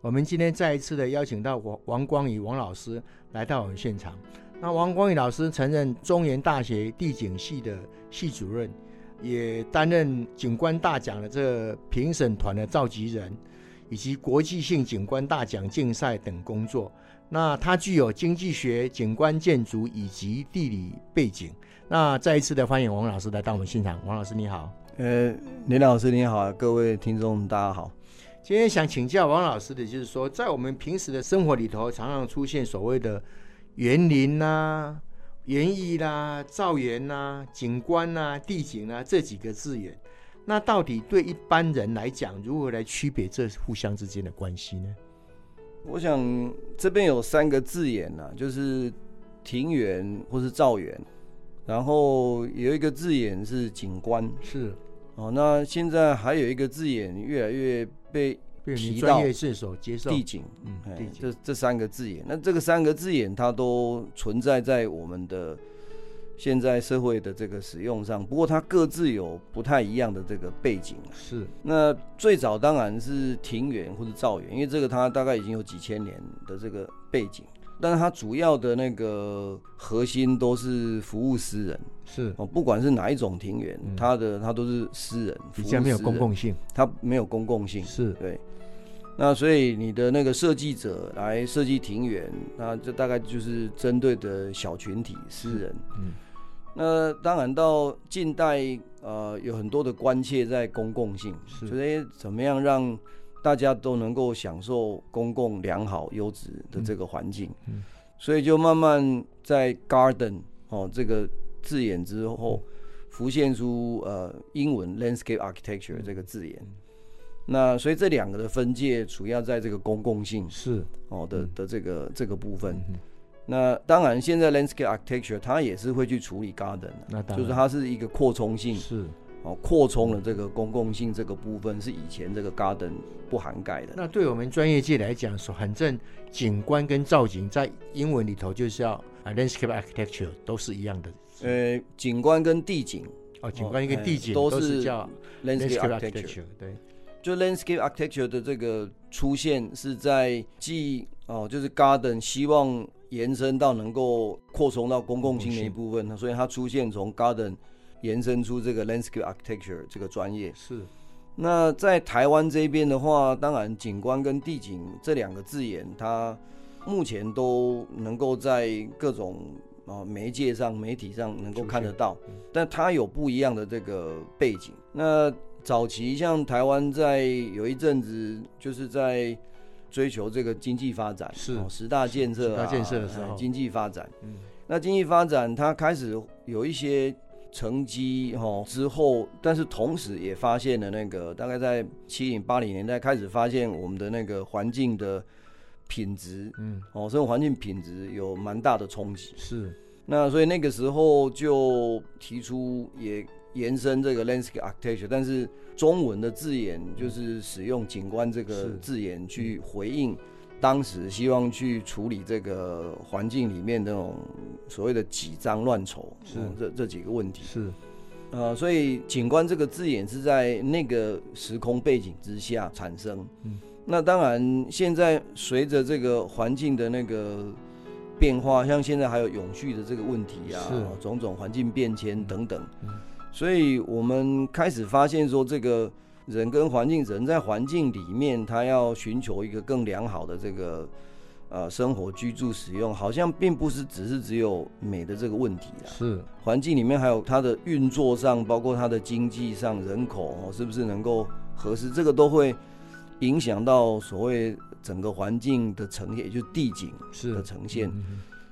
我們今天再一次的邀請到王王光宇王老師來到我們現場。那王光宇老師曾任中原大學地景系的系主任，也擔任景觀大獎的這評審團的召集人，以及國際性景觀大獎競賽等工作。那他具有經濟學、景觀建築以及地理背景。那再一次的歡迎王老師來到我們現場。王老師你好，呃，林老師你好，各位聽眾大家好。今天想請教王老師的，就是說，在我們平時的生活裡頭，常常出現所謂的園林啦、啊、園藝啦、造園啦、啊、景觀啦、啊、地景啊這幾個字眼，那到底對一般人來講，如何來區別這互相之間的關係呢？我想這邊有三個字眼、啊、就是庭園或是造園，然後有一個字眼是景觀，是哦，那現在還有一個字眼越來越。被提到地景，所接受地景嗯、地景這這三個字眼，那這個三個字眼，它都存在在我們的現在社會的這個使用上。不過，它各自有不太一樣的這個背景、啊。是，那最早當然是庭園或者造園，因為這個它大概已經有幾千年的這個背景。但是它主要的那個核心都是服務私人，是哦，不管是哪一種庭園、嗯，它的它都是私人，服務沒有公共性，它沒有公共性，是對。那所以你的那個設計者來設計庭園，那這大概就是針對的小群體私人。嗯，那當然到近代，呃，有很多的關切在公共性，覺得、就是、怎麼樣讓。大家都能夠享受公共良好優質的這個環境，嗯嗯，所以就慢慢在 garden 哦，這個字眼之後，嗯、浮現出呃英文 landscape architecture 這個字眼。嗯、那所以這兩個的分界主要在這個公共性是哦的的這個這個部分，嗯。那當然現在 landscape architecture 它也是會去處理 garden 啊，就是它是一個擴充性是。擴充了這個公共性這個部分是以前這個 garden 不涵蓋的。那對我們專業界來講說，反正景觀跟造景在英文裡頭就是要 landscape architecture 都是一樣的。呃，景觀跟地景，哦，景觀跟地景、哦哎、都是叫 landscape architecture。對，就 landscape architecture 的這個出現是在既哦，就是 garden 希望延伸到能夠擴充到公共性的一部分，嗯、那所以它出現從 garden，延伸出這個 landscape architecture 這個專業是。那在台灣這邊的話，當然景觀跟地景這兩個字眼，它目前都能夠在各種啊媒介上，媒體上能夠看得到，嗯，但它有不一樣的這個背景。那早期像台灣在有一陣子，就是在追求這個經濟發展，是，哦，十大建設，啊，是十大建設的時候，哎，經濟發展，嗯。那經濟發展，它開始有一些。乘機哦，之後，但是同時也發現了那個大概在七零八零年代開始發現我們的那個環境的品質，嗯哦，生活環境品質有蠻大的衝擊。是，那所以那個時候就提出也延伸這個 landscape architecture，但是中文的字眼就是使用景觀這個字眼去回應當時希望去處理這個環境裡面那種。所謂的幾髒亂醜，是、嗯、這這幾個問題，是，呃，所以景觀這個字眼是在那個時空背景之下產生。嗯，那當然，現在隨着這個環境的那個變化，像現在還有永續的這個問題啊，種種環境變遷等等，嗯，所以我們開始發現說，這個人跟環境，人在環境裡面，他要尋求一個更良好的這個。啊、呃，生活居住使用好像並不是只是只有美的這個問題啦，是環境裡面還有它的運作上，包括它的經濟上，人口、喔、是不是能夠合適，這個都會影響到所謂整個環境的呈現，也就是地景的呈現是。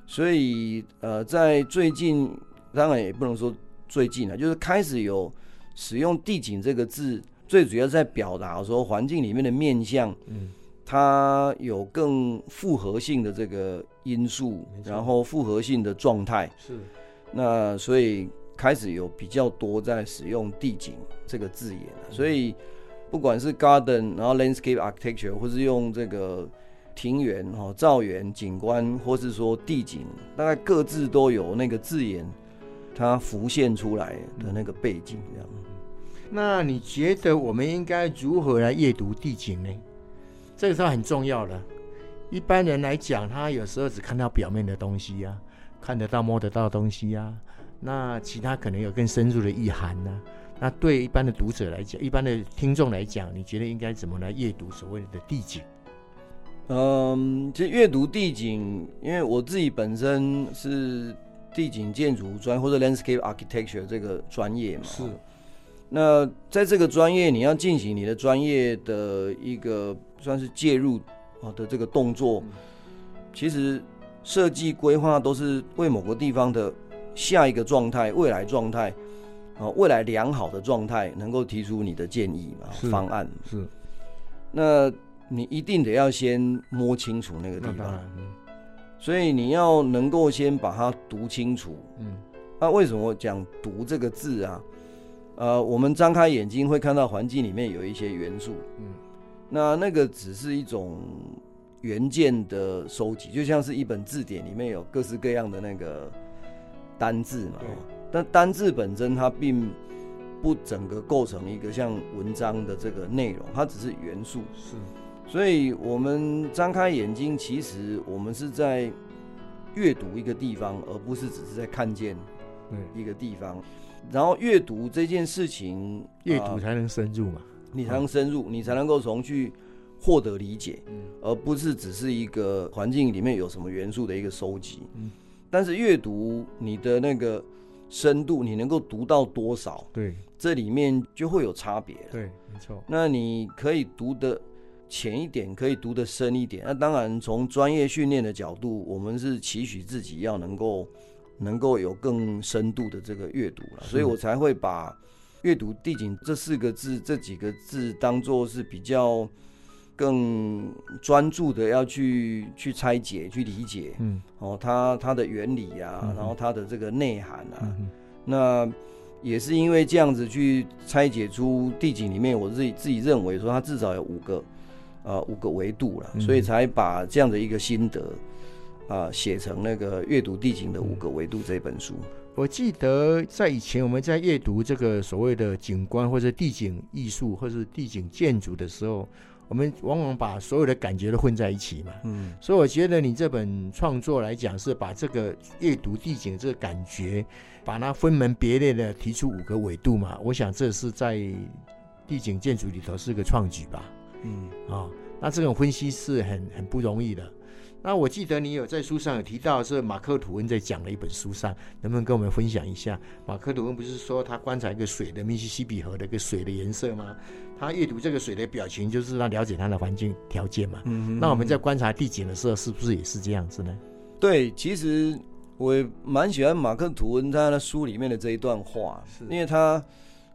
所以呃，在最近，當然也不能說最近啊，就是開始有使用地景這個字，最主要是在表達說環境裡面的面向。嗯它有更複合性的這個因素，然後複合性的狀態是，那所以開始有比較多在使用“地景”這個字眼，嗯，所以不管是 garden，然後 landscape architecture，或是用這個庭園、哈造園、景觀，或是說地景，大概各自都有那個字眼它浮現出來的那個背景，嗯、這樣、那你覺得我們應該如何來閱讀地景呢？這個時候很重要了。一般人來講，他有時候只看到表面的東西呀、啊，看得到、摸得到的東西呀、啊。那其他可能有更深入的意涵呢、啊。那對一般的讀者來講，一般的聽眾來講，你覺得應該怎麼來閱讀所謂的地景？嗯，其實閱讀地景，因為我自己本身是地景建築專或者 landscape architecture 這個專業嘛。是。那在這個專業，你要進行你的專業的一個算是介入啊的這個動作，嗯、其實設計規劃都是為某個地方的下一個狀態、未來狀態啊，未來良好的狀態，能夠提出你的建議嘛，方案是。那你一定得要先摸清楚那個地方，嗯、所以你要能夠先把它讀清楚。嗯，那、啊、為什麼講讀這個字啊？呃，我們張開眼睛會看到環境裡面有一些元素，嗯，那那個只是一種元件的收集，就像是一本字典裡面有各式各樣的那個單字嘛，嗯，但單字本身它並不整個構成一個像文章的這個內容，它只是元素，是，所以我們張開眼睛，其實我們是在閱讀一個地方，而不是只是在看見一個地方。嗯然後閱讀這件事情，閱讀才能深入嘛？啊、你才能深入，你才能夠從去獲得理解、嗯，而不是只是一個環境裡面有什麼元素的一個收集、嗯。但是閱讀你的那個深度，你能夠讀到多少？對，這裡面就會有差別。對，沒錯。那你可以讀得淺一點，可以讀得深一點。那當然，從專業訓練的角度，我們是期許自己要能夠。能夠有更深度的這個閱讀了，所以我才會把“閱讀地景”這四個字這幾個字當做是比較更專注的要去去拆解、去理解。嗯，哦，它它的原理呀、啊嗯，然後它的這個內涵啊、嗯，那也是因為這樣子去拆解出地景裡面，我自己自己認為說它至少有五個，啊、呃，五個維度了、嗯，所以才把這樣的一個心得。啊，寫成那個閱讀地景的五個維度這本書。我記得在以前我們在閱讀這個所謂的景觀或者地景藝術或者是地景建築的時候，我們往往把所有的感覺都混在一起嘛。嗯，所以我覺得你這本創作來講是把這個閱讀地景這個感覺，把它分門別類的提出五個維度嘛。我想這是在地景建築裡頭是個創舉吧。嗯，啊，哦，那這種分析是很很不容易的。那我記得你有在書上有提到是馬克吐溫在講的一本書上，能不能跟我們分享一下？馬克吐溫不是說他觀察一個水的密西西比河的一個水的顏色嗎？他閱讀這個水的表情，就是他了解他的環境條件嘛。嗯嗯嗯嗯。那我們在觀察地景的時候，是不是也是這樣子呢？對，其實我蠻喜歡馬克吐溫他的書裡面的這一段話，是因為他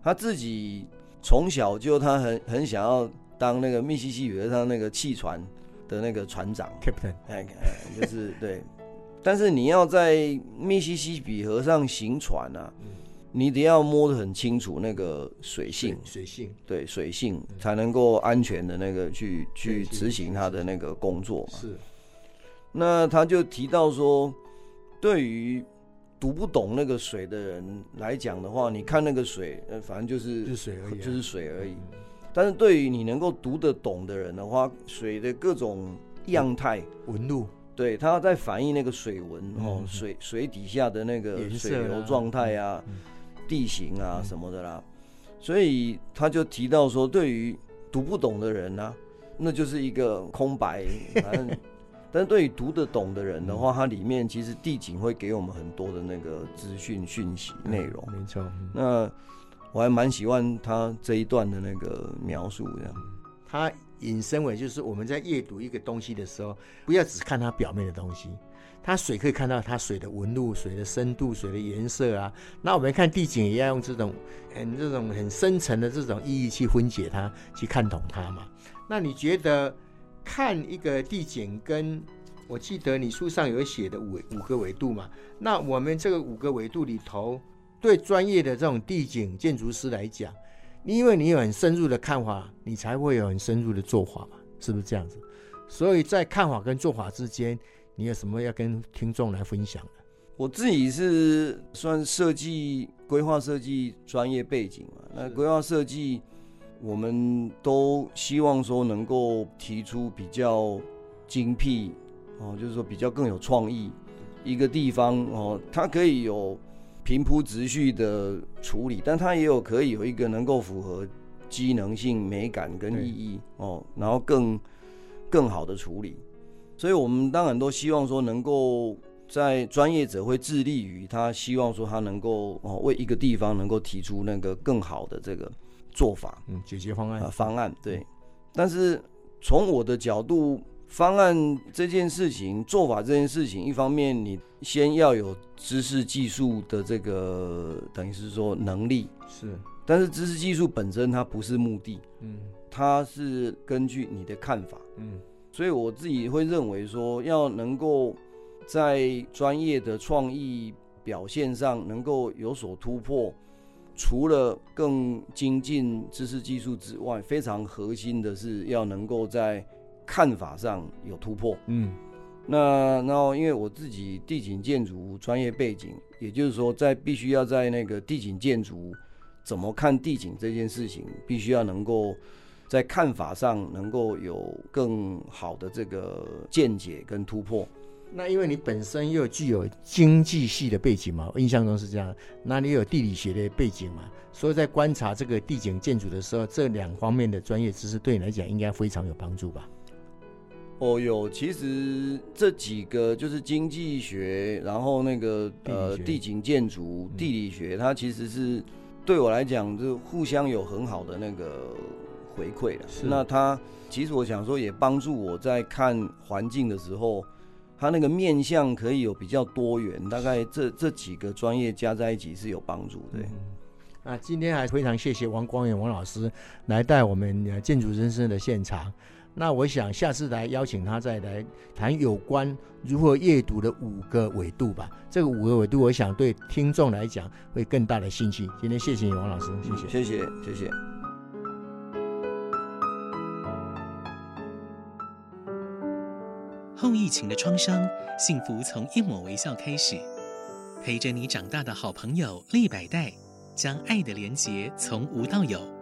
他自己從小就他很很想要當那個密西西比河上那個汽船，的那個船長，Captain，哎，就是對， 但是你要在密西西比河上行船啊，嗯、你得要摸得很清楚那個水性，對水性，對，水性，嗯、才能夠安全的那個去去執行他的那個工作嘛。是，那他就提到說，對於讀不懂那個水的人來講的話，你看那個水，呃、反正就是就是水而已，啊，就是水而已。嗯但是對於你能夠讀得懂的人的話，水的各種樣態、紋路、嗯，對，它在反映那個水紋哦、嗯，水水底下的那個水流狀態啊、地形啊、嗯、什麼的啦。所以他就提到說，對於讀不懂的人呢、啊，那就是一個空白。反正， 但對於讀得懂的人的話、嗯，它裡面其實地景會給我們很多的那個資訊訊息內容。沒錯、嗯，那。我還蠻喜歡他這一段的那個描述，這樣，他引申為就是我們在閱讀一個東西的時候，不要只看它表面的東西。它水可以看到它水的紋路、水的深度、水的顏色啊。那我們看地景也要用這種很、欸、這種很深層的這種意義去分解它、去看懂它嘛。那你覺得看一個地景跟、跟我記得你書上有寫的五五個維度嘛？那我們這個五個維度裡頭。對專業的這種地景建築師來講，因為你有很深入的看法，你才會有很深入的做法嘛，是不是這樣子？所以在看法跟做法之間，你有什麼要跟聽眾來分享的？我自己是算設計、規劃設計專業背景嘛。那規劃設計，我們都希望說能夠提出比較精闢哦，就是說比較更有創意一個地方哦，它可以有。平鋪直敘的處理，但它也有可以有一個能夠符合機能性、美感跟意義哦，然後更更好的處理。所以，我們當然都希望說，能夠在專業者會致力於他希望說他能夠哦，為一個地方能夠提出那個更好的這個做法，嗯，解決方案、呃、方案對。但是從我的角度，方案這件事情，做法這件事情，一方面你先要有知識技術的這個，等於是說能力是，但是知識技術本身它不是目的，嗯，它是根據你的看法，嗯，所以我自己會認為說，要能夠在專業的創意表現上能夠有所突破，除了更精進知識技術之外，非常核心的是要能夠在。看法上有突破，嗯，那然後因為我自己地景建築專業背景，也就是說，在必須要在那個地景建築怎麼看地景這件事情，必須要能夠在看法上能夠有更好的這個見解跟突破。那因為你本身又具有經濟系的背景嘛，印象中是這樣，那你有地理學的背景嘛？所以在觀察這個地景建築的時候，這兩方面的專業知識對你來講應該非常有幫助吧？哦，有，其實這幾個就是經濟學，然後那個呃，地景、建築、地理學，嗯、它其實是對我來講，就互相有很好的那個回饋是。那它其實我想說，也幫助我在看環境的時候，它那個面向可以有比較多元。大概這這幾個專業加在一起是有幫助的，嗯。那今天還非常謝謝王光宇王老師來帶我們建築人生的現場。那我想下次來邀請他再來談有關如何閱讀的五個維度吧。這個五個維度，我想對聽眾來講會更大的興趣。今天謝謝你，王老師，謝謝，謝謝，謝謝。後疫情的創傷，幸福從一抹微笑開始。陪着你長大的好朋友利百代，將愛的連結從無到有。